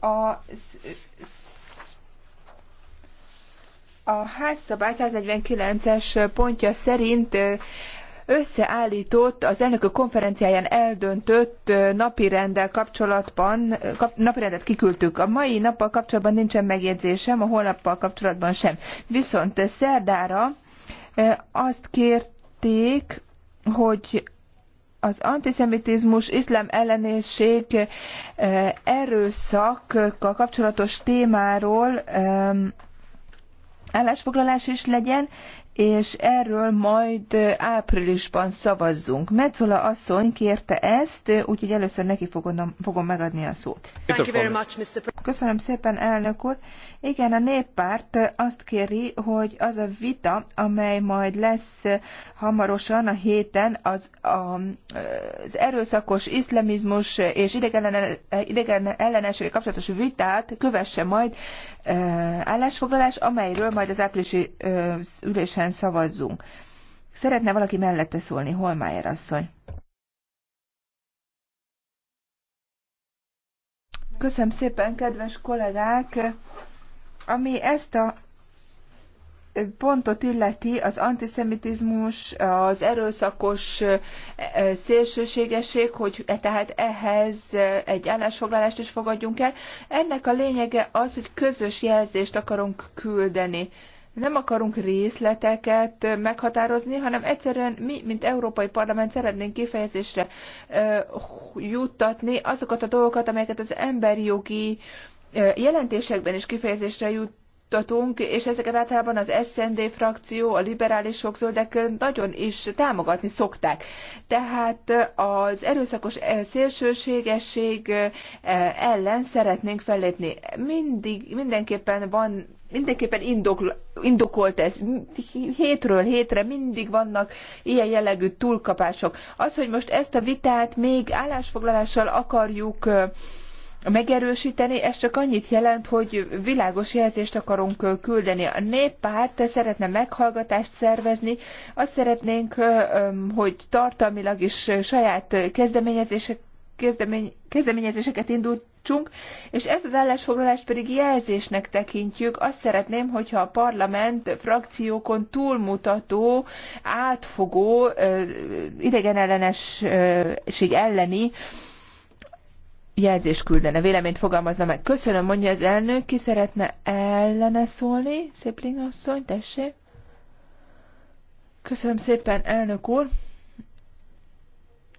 a a házszabály 149-es pontja szerint összeállított, az elnökök konferenciáján eldöntött napirenddel kapcsolatban, kap, napirendet kiküldtük. A mai nappal kapcsolatban nincsen megjegyzésem, a holnappal kapcsolatban sem. Viszont szerdára azt kérték, hogy az antiszemitizmus, iszlám ellenészség, erőszakkal kapcsolatos témáról állásfoglalás is legyen, és erről majd áprilisban szavazzunk. Metzola asszony kérte ezt, úgyhogy először neki fogom, fogom megadni a szót. Köszönöm szépen, elnök úr. Igen, a néppárt azt kéri, hogy az a vita, amely majd lesz hamarosan a héten, az, a, az erőszakos iszlamizmus és idegen ellenességgel kapcsolatos vitát kövesse majd állásfoglalás, amelyről majd az áprilisi ülésen ellen szavazzunk. Szeretne valaki mellette szólni, Holmájer asszony. Köszönöm szépen, kedves kollégák! Ami ezt a pontot illeti, az antiszemitizmus, az erőszakos szélsőségesség, hogy e, tehát ehhez egy állásfoglalást is fogadjunk el. Ennek a lényege az, hogy közös jelzést akarunk küldeni nem akarunk részleteket meghatározni, hanem egyszerűen mi, mint Európai Parlament szeretnénk kifejezésre juttatni azokat a dolgokat, amelyeket az emberi jogi jelentésekben is kifejezésre jut juttatunk, és ezeket általában az SND frakció, a liberálisok, zöldek nagyon is támogatni szokták. Tehát az erőszakos szélsőségesség ellen szeretnénk fellépni. Mindig, mindenképpen van, mindenképpen indokl, indokolt ez. Hétről hétre mindig vannak ilyen jellegű túlkapások. Az, hogy most ezt a vitát még állásfoglalással akarjuk megerősíteni, ez csak annyit jelent, hogy világos jelzést akarunk küldeni. A néppárt szeretne meghallgatást szervezni, azt szeretnénk, hogy tartalmilag is saját kezdeményezések kezdeményezéseket indult, tartsunk, és ezt az állásfoglalást pedig jelzésnek tekintjük. Azt szeretném, hogyha a parlament frakciókon túlmutató, átfogó, idegenellenesség elleni jelzést küldene, véleményt fogalmazna meg. Köszönöm, mondja az elnök, ki szeretne ellene szólni? Szépling asszony, tessék. Köszönöm szépen, elnök úr.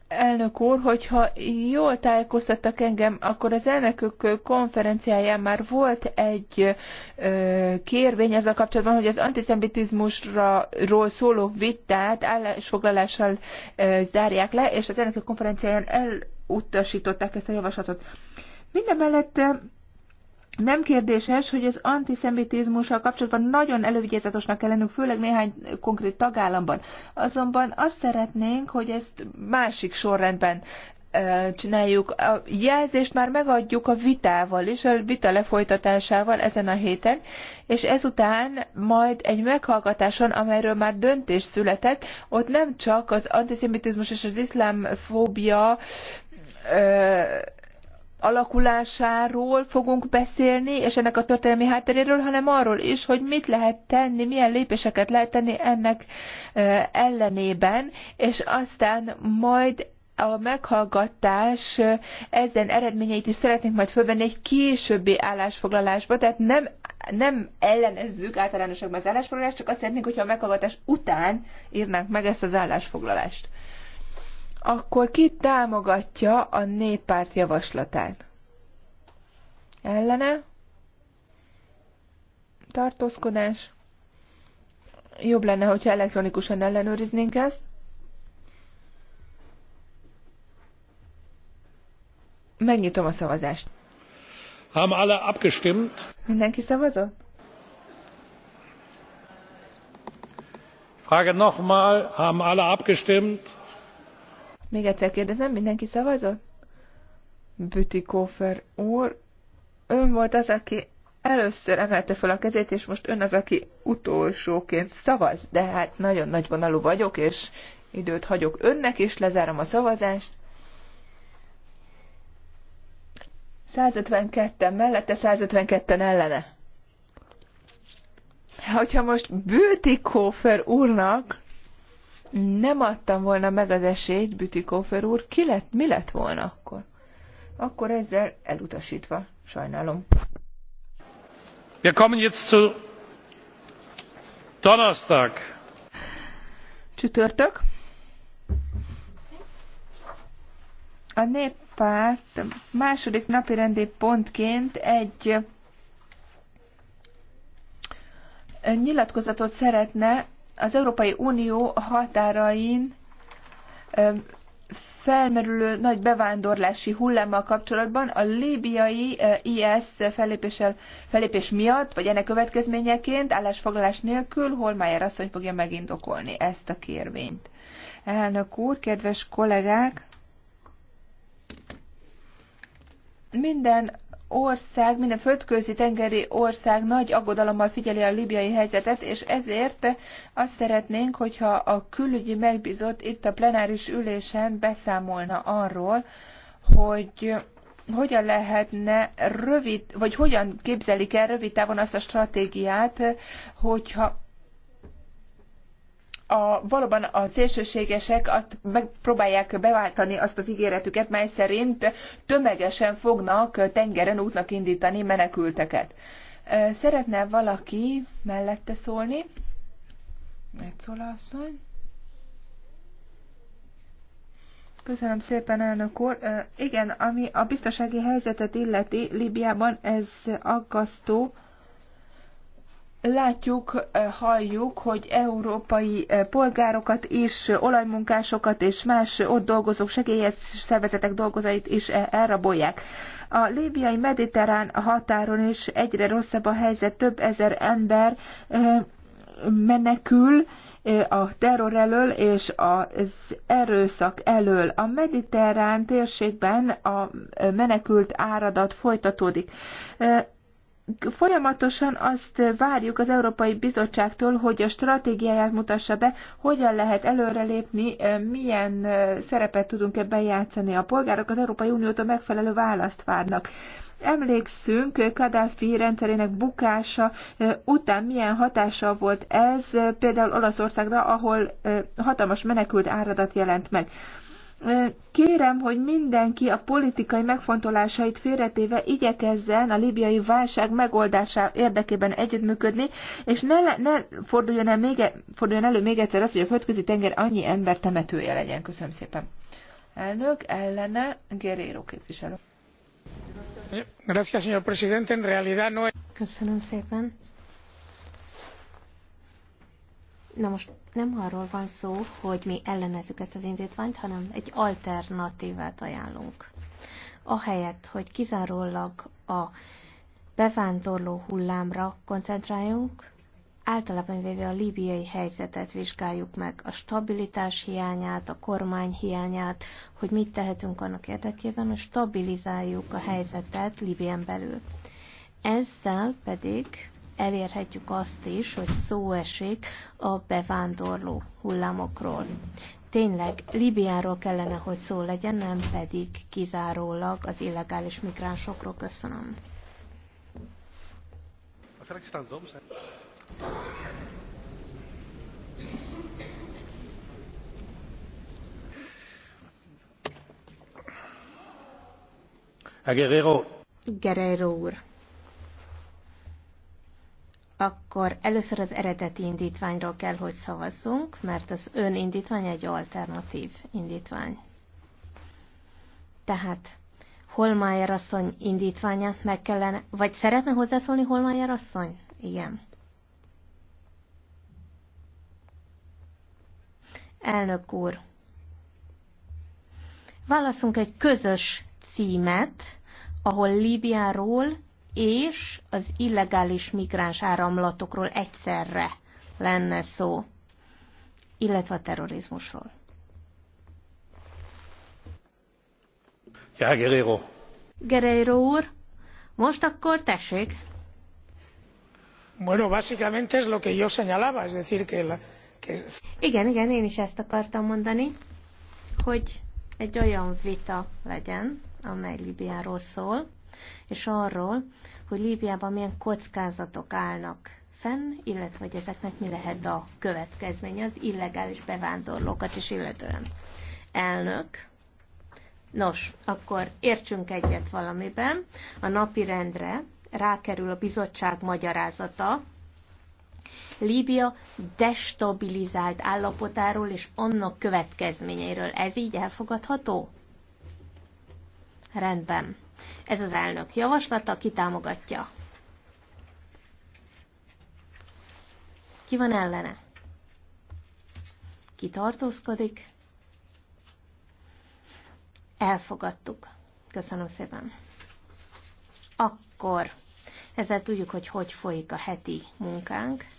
Elnök úr, hogyha jól tájékoztattak engem, akkor az elnökök konferenciáján már volt egy ö, kérvény ezzel kapcsolatban, hogy az antiszemitizmusról szóló vitát állásfoglalással ö, zárják le, és az elnökök konferenciáján elutasították ezt a javaslatot. Mindemellett nem kérdéses, hogy az antiszemitizmussal kapcsolatban nagyon elővigyázatosnak kell lennünk, főleg néhány konkrét tagállamban. Azonban azt szeretnénk, hogy ezt másik sorrendben csináljuk. A jelzést már megadjuk a vitával és a vita lefolytatásával ezen a héten, és ezután majd egy meghallgatáson, amelyről már döntés született, ott nem csak az antiszemitizmus és az iszlámfóbia alakulásáról fogunk beszélni, és ennek a történelmi hátteréről, hanem arról is, hogy mit lehet tenni, milyen lépéseket lehet tenni ennek ellenében, és aztán majd a meghallgatás ezen eredményeit is szeretnénk majd fölvenni egy későbbi állásfoglalásba, tehát nem, nem ellenezzük általánosakban az állásfoglalást, csak azt szeretnénk, hogyha a meghallgatás után írnánk meg ezt az állásfoglalást. Akkor ki támogatja a néppárt javaslatát? Ellene? Tartózkodás? Jobb lenne, hogyha elektronikusan ellenőriznénk ezt. Megnyitom a szavazást. Haben alle abgestimmt? Mindenki szavazott? Frage nochmal, haben alle abgestimmt? Még egyszer kérdezem, mindenki szavazott? Bütikófer úr, ön volt az, aki először emelte fel a kezét, és most ön az, aki utolsóként szavaz. De hát nagyon nagy vonalú vagyok, és időt hagyok önnek, és lezárom a szavazást. 152-en mellette, 152-en ellene. Hogyha most Bültikófer úrnak nem adtam volna meg az esélyt, Bütikófer úr, ki lett, mi lett volna akkor? Akkor ezzel elutasítva, sajnálom. Wir kommen jetzt zu Donnerstag. Csütörtök. A néppárt második napi rendi pontként egy nyilatkozatot szeretne az Európai Unió határain felmerülő nagy bevándorlási hullámmal kapcsolatban a líbiai IS felépés miatt, vagy ennek következményeként állásfoglalás nélkül Holmájer asszony fogja megindokolni ezt a kérvényt. Elnök úr, kedves kollégák! Minden ország, minden földközi tengeri ország nagy aggodalommal figyeli a libiai helyzetet, és ezért azt szeretnénk, hogyha a külügyi megbízott itt a plenáris ülésen beszámolna arról, hogy hogyan lehetne rövid, vagy hogyan képzelik el rövid távon azt a stratégiát, hogyha a, valóban a szélsőségesek azt megpróbálják beváltani azt az ígéretüket, mely szerint tömegesen fognak tengeren útnak indítani menekülteket. Szeretne valaki mellette szólni? Megszóla asszony. Köszönöm szépen, elnök úr. Igen, ami a biztonsági helyzetet illeti Libiában, ez aggasztó látjuk, eh, halljuk, hogy európai eh, polgárokat is, olajmunkásokat és más ott dolgozók, segélyes szervezetek dolgozait is eh, elrabolják. A líbiai mediterrán határon is egyre rosszabb a helyzet, több ezer ember menekül a terror elől és az erőszak elől. A mediterrán térségben a menekült áradat folytatódik. Folyamatosan azt várjuk az Európai Bizottságtól, hogy a stratégiáját mutassa be, hogyan lehet előrelépni, milyen szerepet tudunk ebben játszani. A polgárok az Európai Uniótól megfelelő választ várnak emlékszünk Kadáfi rendszerének bukása után milyen hatása volt ez, például Olaszországra, ahol hatalmas menekült áradat jelent meg. Kérem, hogy mindenki a politikai megfontolásait félretéve igyekezzen a libiai válság megoldása érdekében együttműködni, és ne, ne forduljon, el még, e- forduljon elő még egyszer az, hogy a földközi tenger annyi ember temetője legyen. Köszönöm szépen. Elnök ellene Guerrero képviselő. señor presidente. En realidad no... Köszönöm szépen. Na most nem arról van szó, hogy mi ellenezzük ezt az indítványt, hanem egy alternatívát ajánlunk. Ahelyett, hogy kizárólag a bevándorló hullámra koncentráljunk, általában véve a líbiai helyzetet vizsgáljuk meg, a stabilitás hiányát, a kormány hiányát, hogy mit tehetünk annak érdekében, hogy stabilizáljuk a helyzetet Líbien belül. Ezzel pedig elérhetjük azt is, hogy szó esik a bevándorló hullámokról. Tényleg Libiáról kellene, hogy szó legyen, nem pedig kizárólag az illegális migránsokról. Köszönöm. Guerrero. Guerrero úr akkor először az eredeti indítványról kell, hogy szavazzunk, mert az ön indítvány egy alternatív indítvány. Tehát Holmájer asszony indítványát meg kellene, vagy szeretne hozzászólni Holmájer asszony? Igen. Elnök úr, válaszunk egy közös címet, ahol Líbiáról és az illegális migráns áramlatokról egyszerre lenne szó, illetve a terrorizmusról. Ja, Guerrero. Guerrero úr, most akkor tessék. Bueno, básicamente es lo que yo señalaba, es decir que, la, que... Igen, igen, én is ezt akartam mondani, hogy egy olyan vita legyen, amely Libiáról szól, és arról, hogy Líbiában milyen kockázatok állnak fenn, illetve hogy ezeknek mi lehet a következménye az illegális bevándorlókat is illetően. Elnök, nos, akkor értsünk egyet valamiben. A napi rendre rákerül a bizottság magyarázata, Líbia destabilizált állapotáról és annak következményeiről. Ez így elfogadható? Rendben. Ez az elnök javaslata, ki támogatja? Ki van ellene? Ki tartózkodik? Elfogadtuk. Köszönöm szépen. Akkor ezzel tudjuk, hogy hogy folyik a heti munkánk.